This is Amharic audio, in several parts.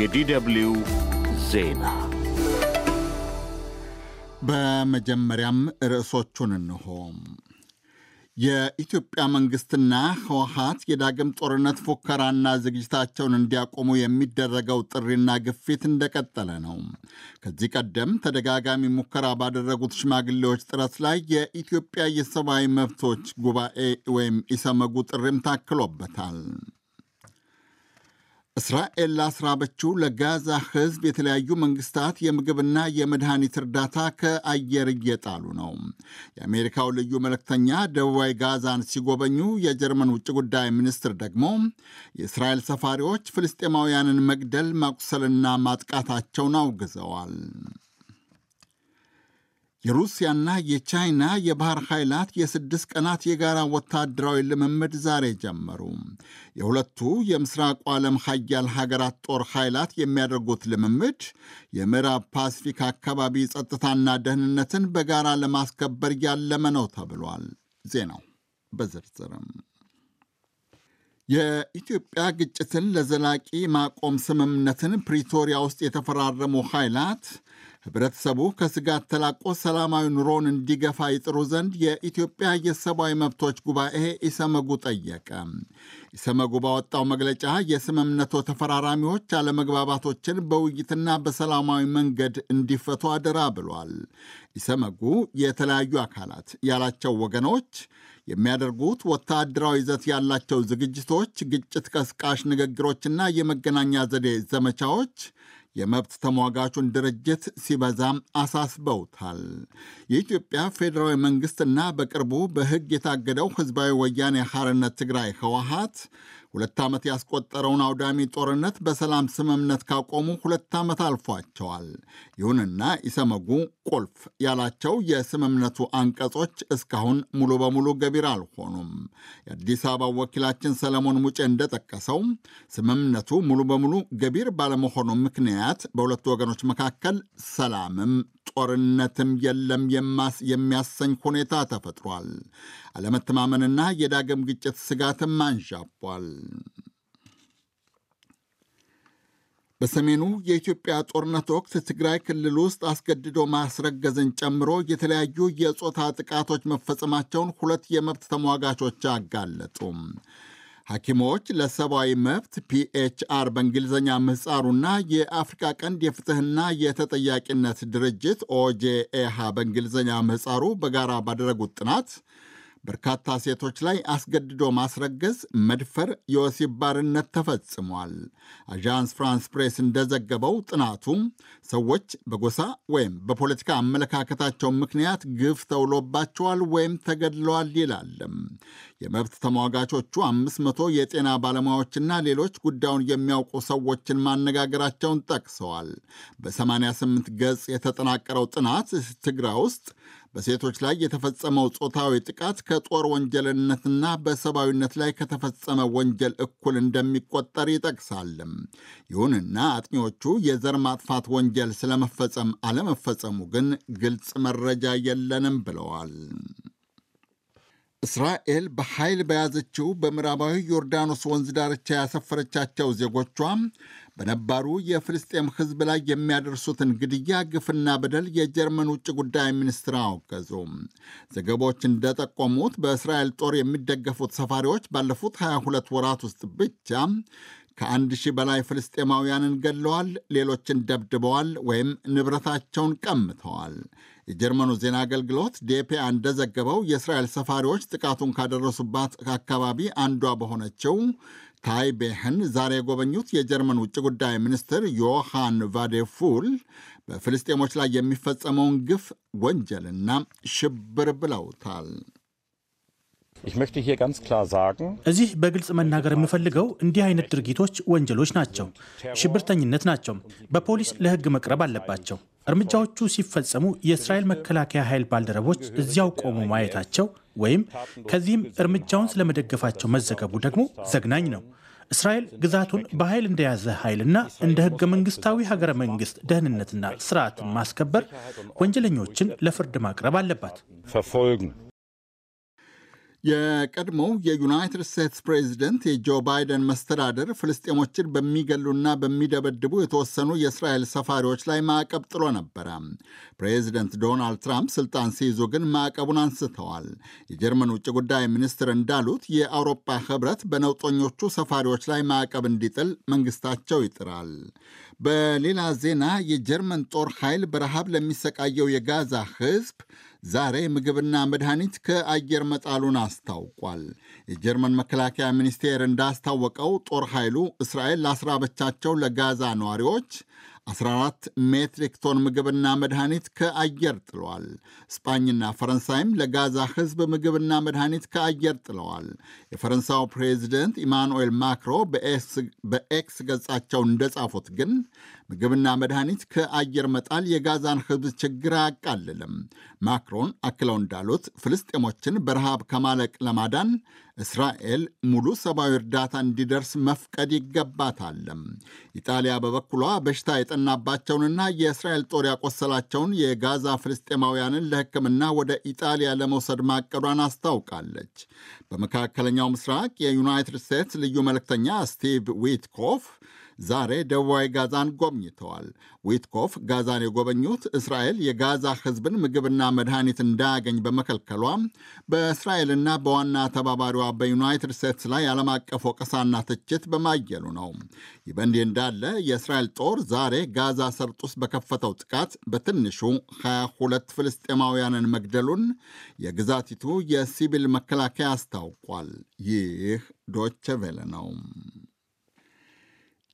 የዲደብሊው ዜና በመጀመሪያም ርዕሶቹን እንሆ። የኢትዮጵያ መንግሥትና ህወሓት የዳግም ጦርነት ፉከራና ዝግጅታቸውን እንዲያቆሙ የሚደረገው ጥሪና ግፊት እንደቀጠለ ነው። ከዚህ ቀደም ተደጋጋሚ ሙከራ ባደረጉት ሽማግሌዎች ጥረት ላይ የኢትዮጵያ የሰብአዊ መብቶች ጉባኤ ወይም ኢሰመጉ ጥሪም ታክሎበታል። እስራኤል ላስራበችው ለጋዛ ሕዝብ የተለያዩ መንግስታት የምግብና የመድኃኒት እርዳታ ከአየር እየጣሉ ነው። የአሜሪካው ልዩ መልእክተኛ ደቡባዊ ጋዛን ሲጎበኙ፣ የጀርመን ውጭ ጉዳይ ሚኒስትር ደግሞ የእስራኤል ሰፋሪዎች ፍልስጤማውያንን መግደል ማቁሰልና ማጥቃታቸውን አውግዘዋል። የሩሲያና የቻይና የባህር ኃይላት የስድስት ቀናት የጋራ ወታደራዊ ልምምድ ዛሬ ጀመሩ። የሁለቱ የምስራቁ ዓለም ሀያል ሀገራት ጦር ኃይላት የሚያደርጉት ልምምድ የምዕራብ ፓስፊክ አካባቢ ጸጥታና ደህንነትን በጋራ ለማስከበር ያለመ ነው ተብሏል። ዜናው በዝርዝርም የኢትዮጵያ ግጭትን ለዘላቂ ማቆም ስምምነትን ፕሪቶሪያ ውስጥ የተፈራረሙ ኃይላት ህብረተሰቡ ከስጋት ተላቆ ሰላማዊ ኑሮን እንዲገፋ ይጥሩ ዘንድ የኢትዮጵያ የሰብአዊ መብቶች ጉባኤ ኢሰመጉ ጠየቀ። ኢሰመጉ ባወጣው መግለጫ የስምምነቱ ተፈራራሚዎች አለመግባባቶችን በውይይትና በሰላማዊ መንገድ እንዲፈቱ አደራ ብሏል። ኢሰመጉ የተለያዩ አካላት ያላቸው ወገኖች የሚያደርጉት ወታደራዊ ይዘት ያላቸው ዝግጅቶች፣ ግጭት ቀስቃሽ ንግግሮችና የመገናኛ ዘዴ ዘመቻዎች የመብት ተሟጋቹን ድርጅት ሲበዛም አሳስበውታል። የኢትዮጵያ ፌዴራዊ መንግስትና በቅርቡ በሕግ የታገደው ህዝባዊ ወያኔ ሐርነት ትግራይ ህወሀት ሁለት ዓመት ያስቆጠረውን አውዳሚ ጦርነት በሰላም ስምምነት ካቆሙ ሁለት ዓመት አልፏቸዋል። ይሁንና ኢሰመጉ ቁልፍ ያላቸው የስምምነቱ አንቀጾች እስካሁን ሙሉ በሙሉ ገቢር አልሆኑም። የአዲስ አበባ ወኪላችን ሰለሞን ሙጬ እንደጠቀሰው ስምምነቱ ሙሉ በሙሉ ገቢር ባለመሆኑ ምክንያት በሁለቱ ወገኖች መካከል ሰላምም ጦርነትም የለም የሚያሰኝ ሁኔታ ተፈጥሯል። አለመተማመንና የዳግም ግጭት ስጋትም አንዣቧል። በሰሜኑ የኢትዮጵያ ጦርነት ወቅት ትግራይ ክልል ውስጥ አስገድዶ ማስረገዝን ጨምሮ የተለያዩ የጾታ ጥቃቶች መፈጸማቸውን ሁለት የመብት ተሟጋቾች አጋለጡ። ሐኪሞች ለሰብአዊ መብት ፒኤችአር በእንግሊዝኛ ምህፃሩና የአፍሪካ ቀንድ የፍትህና የተጠያቂነት ድርጅት ኦጄኤሃ በእንግሊዝኛ ምህፃሩ በጋራ ባደረጉት ጥናት በርካታ ሴቶች ላይ አስገድዶ ማስረገዝ፣ መድፈር፣ የወሲብ ባርነት ተፈጽሟል። አዣንስ ፍራንስ ፕሬስ እንደዘገበው ጥናቱ ሰዎች በጎሳ ወይም በፖለቲካ አመለካከታቸው ምክንያት ግፍ ተውሎባቸዋል ወይም ተገድለዋል ይላለም። የመብት ተሟጋቾቹ 500 የጤና ባለሙያዎችና ሌሎች ጉዳዩን የሚያውቁ ሰዎችን ማነጋገራቸውን ጠቅሰዋል። በ88 ገጽ የተጠናቀረው ጥናት ትግራ ውስጥ በሴቶች ላይ የተፈጸመው ጾታዊ ጥቃት ከጦር ወንጀልነትና በሰብአዊነት ላይ ከተፈጸመ ወንጀል እኩል እንደሚቆጠር ይጠቅሳል። ይሁንና አጥኚዎቹ የዘር ማጥፋት ወንጀል ስለመፈጸም አለመፈጸሙ ግን ግልጽ መረጃ የለንም ብለዋል። እስራኤል በኃይል በያዘችው በምዕራባዊ ዮርዳኖስ ወንዝ ዳርቻ ያሰፈረቻቸው ዜጎቿ በነባሩ የፍልስጤም ሕዝብ ላይ የሚያደርሱትን ግድያ፣ ግፍና በደል የጀርመን ውጭ ጉዳይ ሚኒስትር አወገዙ። ዘገባዎች እንደጠቆሙት በእስራኤል ጦር የሚደገፉት ሰፋሪዎች ባለፉት 22 ወራት ውስጥ ብቻ ከአንድ ሺህ በላይ ፍልስጤማውያንን ገድለዋል፣ ሌሎችን ደብድበዋል ወይም ንብረታቸውን ቀምተዋል። የጀርመኑ ዜና አገልግሎት ዴፔ እንደዘገበው የእስራኤል ሰፋሪዎች ጥቃቱን ካደረሱባት አካባቢ አንዷ በሆነችው ታይቤህን ዛሬ የጎበኙት የጀርመን ውጭ ጉዳይ ሚኒስትር ዮሃን ቫዴፉል በፍልስጤሞች ላይ የሚፈጸመውን ግፍ ወንጀልና ሽብር ብለውታል። እዚህ በግልጽ መናገር የምፈልገው እንዲህ አይነት ድርጊቶች ወንጀሎች ናቸው፣ ሽብርተኝነት ናቸው። በፖሊስ ለሕግ መቅረብ አለባቸው። እርምጃዎቹ ሲፈጸሙ የእስራኤል መከላከያ ኃይል ባልደረቦች እዚያው ቆሙ ማየታቸው ወይም ከዚህም እርምጃውን ስለመደገፋቸው መዘገቡ ደግሞ ዘግናኝ ነው። እስራኤል ግዛቱን በኃይል እንደያዘ ኃይልና እንደ ህገ መንግስታዊ ሀገረ መንግስት ደህንነትና ስርዓትን ማስከበር ወንጀለኞችን ለፍርድ ማቅረብ አለባት። የቀድሞው የዩናይትድ ስቴትስ ፕሬዚደንት የጆ ባይደን መስተዳደር ፍልስጤሞችን በሚገሉና በሚደበድቡ የተወሰኑ የእስራኤል ሰፋሪዎች ላይ ማዕቀብ ጥሎ ነበረ። ፕሬዚደንት ዶናልድ ትራምፕ ስልጣን ሲይዙ ግን ማዕቀቡን አንስተዋል። የጀርመን ውጭ ጉዳይ ሚኒስትር እንዳሉት የአውሮፓ ሕብረት በነውጠኞቹ ሰፋሪዎች ላይ ማዕቀብ እንዲጥል መንግስታቸው ይጥራል። በሌላ ዜና የጀርመን ጦር ኃይል በረሃብ ለሚሰቃየው የጋዛ ሕዝብ ዛሬ ምግብና መድኃኒት ከአየር መጣሉን አስታውቋል። የጀርመን መከላከያ ሚኒስቴር እንዳስታወቀው ጦር ኃይሉ እስራኤል ላስራበቻቸው ለጋዛ ነዋሪዎች 14 ሜትሪክ ቶን ምግብና መድኃኒት ከአየር ጥለዋል። ስጳኝና ፈረንሳይም ለጋዛ ሕዝብ ምግብና መድኃኒት ከአየር ጥለዋል። የፈረንሳው ፕሬዚደንት ኢማኑኤል ማክሮ በኤክስ ገጻቸው እንደጻፉት ግን ምግብና መድኃኒት ከአየር መጣል የጋዛን ሕዝብ ችግር አያቃልልም። ማክሮን አክለው እንዳሉት ፍልስጤሞችን በረሃብ ከማለቅ ለማዳን እስራኤል ሙሉ ሰብአዊ እርዳታ እንዲደርስ መፍቀድ ይገባታል ኢጣሊያ በበኩሏ በሽታ የጠናባቸውንና የእስራኤል ጦር ያቆሰላቸውን የጋዛ ፍልስጤማውያንን ለሕክምና ወደ ኢጣሊያ ለመውሰድ ማቀዷን አስታውቃለች። በመካከለኛው ምስራቅ የዩናይትድ ስቴትስ ልዩ መልእክተኛ ስቲቭ ዊትኮፍ ዛሬ ደቡባዊ ጋዛን ጎብኝተዋል። ዊትኮፍ ጋዛን የጎበኙት እስራኤል የጋዛ ህዝብን ምግብና መድኃኒት እንዳያገኝ በመከልከሏ በእስራኤልና በዋና ተባባሪዋ በዩናይትድ ስቴትስ ላይ ዓለም አቀፍ ወቀሳና ትችት በማየሉ ነው። ይህ በእንዲህ እንዳለ የእስራኤል ጦር ዛሬ ጋዛ ሰርጥ ውስጥ በከፈተው ጥቃት በትንሹ 22 ፍልስጤማውያንን መግደሉን የግዛቲቱ የሲቪል መከላከያ አስታውቋል። ይህ ዶቼ ቬለ ነው።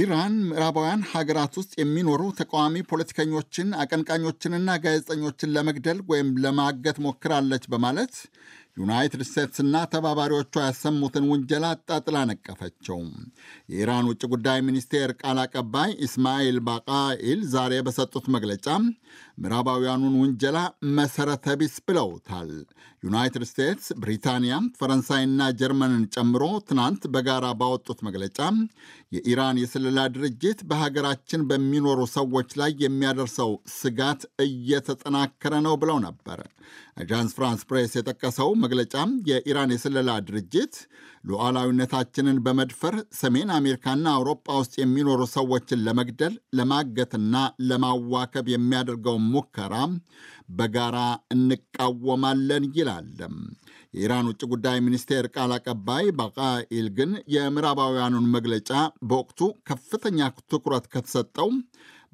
ኢራን ምዕራባውያን ሀገራት ውስጥ የሚኖሩ ተቃዋሚ ፖለቲከኞችን አቀንቃኞችንና ጋዜጠኞችን ለመግደል ወይም ለማገት ሞክራለች በማለት ዩናይትድ ስቴትስና ተባባሪዎቿ ያሰሙትን ውንጀላ አጣጥላ ነቀፈችው። የኢራን ውጭ ጉዳይ ሚኒስቴር ቃል አቀባይ ኢስማኤል ባቃኢል ዛሬ በሰጡት መግለጫ ምዕራባውያኑን ውንጀላ መሠረተ ቢስ ብለውታል። ዩናይትድ ስቴትስ፣ ብሪታንያ፣ ፈረንሳይና ጀርመንን ጨምሮ ትናንት በጋራ ባወጡት መግለጫ የኢራን የስለላ ድርጅት በሀገራችን በሚኖሩ ሰዎች ላይ የሚያደርሰው ስጋት እየተጠናከረ ነው ብለው ነበር። አጃንስ ፍራንስ ፕሬስ የጠቀሰው መግለጫ የኢራን የስለላ ድርጅት ሉዓላዊነታችንን በመድፈር ሰሜን አሜሪካና አውሮፓ ውስጥ የሚኖሩ ሰዎችን ለመግደል ለማገትና ለማዋከብ የሚያደርገውን ሙከራ በጋራ እንቃወማለን ይላል። የኢራን ውጭ ጉዳይ ሚኒስቴር ቃል አቀባይ ባቃኢል ግን የምዕራባውያኑን መግለጫ በወቅቱ ከፍተኛ ትኩረት ከተሰጠው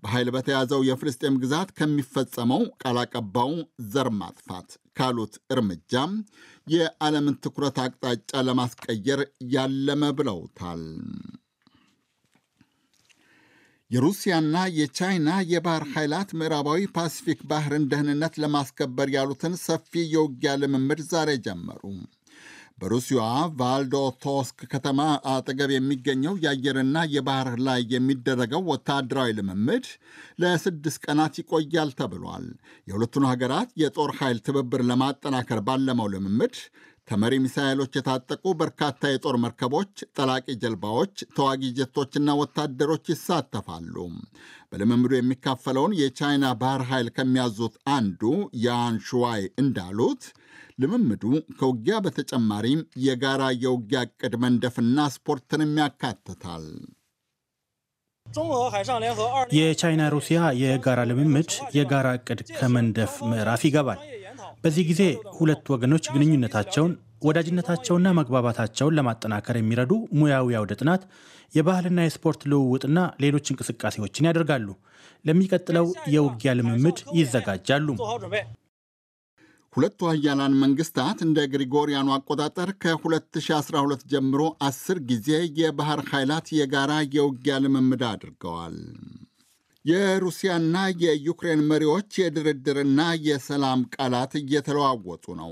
በኃይል በተያዘው የፍልስጤም ግዛት ከሚፈጸመው ቃል አቀባው ዘር ማጥፋት ካሉት እርምጃ የዓለምን ትኩረት አቅጣጫ ለማስቀየር ያለመ ብለውታል። የሩሲያና የቻይና የባህር ኃይላት ምዕራባዊ ፓሲፊክ ባህርን ደህንነት ለማስከበር ያሉትን ሰፊ የውጊያ ልምምድ ዛሬ ጀመሩ። በሩሲያዋ ቫልዶቶስክ ከተማ አጠገብ የሚገኘው የአየርና የባህር ላይ የሚደረገው ወታደራዊ ልምምድ ለስድስት ቀናት ይቆያል ተብሏል። የሁለቱን ሀገራት የጦር ኃይል ትብብር ለማጠናከር ባለመው ልምምድ ከመሪ ሚሳኤሎች የታጠቁ በርካታ የጦር መርከቦች፣ ጠላቂ ጀልባዎች፣ ተዋጊ ጀቶችና ወታደሮች ይሳተፋሉ። በልምምዱ የሚካፈለውን የቻይና ባህር ኃይል ከሚያዙት አንዱ ያን ሹዋይ እንዳሉት ልምምዱ ከውጊያ በተጨማሪም የጋራ የውጊያ ዕቅድ መንደፍና ስፖርትንም ያካትታል። የቻይና ሩሲያ የጋራ ልምምድ የጋራ ዕቅድ ከመንደፍ ምዕራፍ ይገባል። በዚህ ጊዜ ሁለት ወገኖች ግንኙነታቸውን ወዳጅነታቸውና መግባባታቸውን ለማጠናከር የሚረዱ ሙያዊ አውደ ጥናት፣ የባህልና የስፖርት ልውውጥና ሌሎች እንቅስቃሴዎችን ያደርጋሉ። ለሚቀጥለው የውጊያ ልምምድ ይዘጋጃሉ። ሁለቱ ሀያላን መንግስታት እንደ ግሪጎሪያኑ አቆጣጠር ከ2012 ጀምሮ አስር ጊዜ የባህር ኃይላት የጋራ የውጊያ ልምምድ አድርገዋል። የሩሲያና የዩክሬን መሪዎች የድርድርና የሰላም ቃላት እየተለዋወጡ ነው።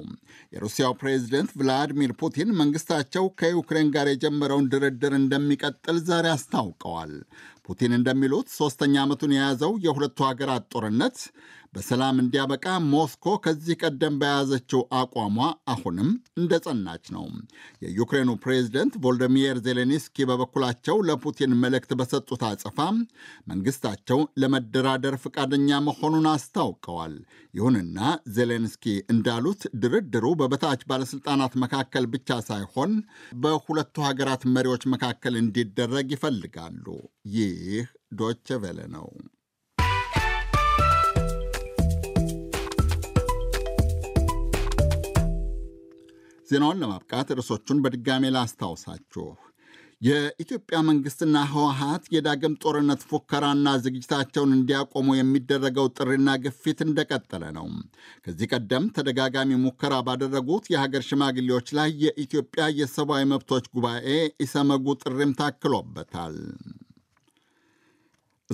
የሩሲያው ፕሬዚደንት ቭላዲሚር ፑቲን መንግስታቸው ከዩክሬን ጋር የጀመረውን ድርድር እንደሚቀጥል ዛሬ አስታውቀዋል። ፑቲን እንደሚሉት ሦስተኛ ዓመቱን የያዘው የሁለቱ ሀገራት ጦርነት በሰላም እንዲያበቃ ሞስኮ ከዚህ ቀደም በያዘችው አቋሟ አሁንም እንደጸናች ነው። የዩክሬኑ ፕሬዝደንት ቮልዲሚር ዜሌንስኪ በበኩላቸው ለፑቲን መልእክት በሰጡት አጸፋ መንግስታቸው ለመደራደር ፈቃደኛ መሆኑን አስታውቀዋል። ይሁንና ዜሌንስኪ እንዳሉት ድርድሩ በበታች ባለሥልጣናት መካከል ብቻ ሳይሆን በሁለቱ ሀገራት መሪዎች መካከል እንዲደረግ ይፈልጋሉ። ይህ ዶቸ ቬለ ነው። ዜናውን ለማብቃት ርዕሶቹን በድጋሜ ላስታውሳችሁ። የኢትዮጵያ መንግስትና ህወሀት የዳግም ጦርነት ፉከራና ዝግጅታቸውን እንዲያቆሙ የሚደረገው ጥሪና ግፊት እንደቀጠለ ነው። ከዚህ ቀደም ተደጋጋሚ ሙከራ ባደረጉት የሀገር ሽማግሌዎች ላይ የኢትዮጵያ የሰብአዊ መብቶች ጉባኤ ኢሰመጉ ጥሪም ታክሎበታል።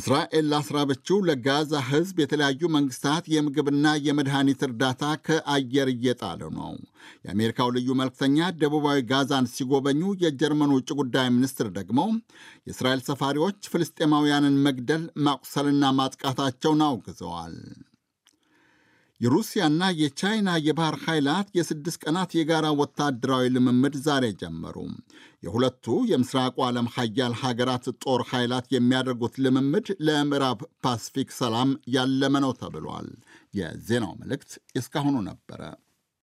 እስራኤል ላስራበችው ለጋዛ ሕዝብ የተለያዩ መንግስታት የምግብና የመድኃኒት እርዳታ ከአየር እየጣለ ነው። የአሜሪካው ልዩ መልክተኛ ደቡባዊ ጋዛን ሲጎበኙ፣ የጀርመን ውጭ ጉዳይ ሚኒስትር ደግሞ የእስራኤል ሰፋሪዎች ፍልስጤማውያንን መግደል ማቁሰልና ማጥቃታቸውን አውግዘዋል። የሩሲያና የቻይና የባህር ኃይላት የስድስት ቀናት የጋራ ወታደራዊ ልምምድ ዛሬ ጀመሩ። የሁለቱ የምስራቁ ዓለም ሀያል ሀገራት ጦር ኃይላት የሚያደርጉት ልምምድ ለምዕራብ ፓስፊክ ሰላም ያለመ ነው ተብሏል። የዜናው መልእክት እስካሁኑ ነበረ።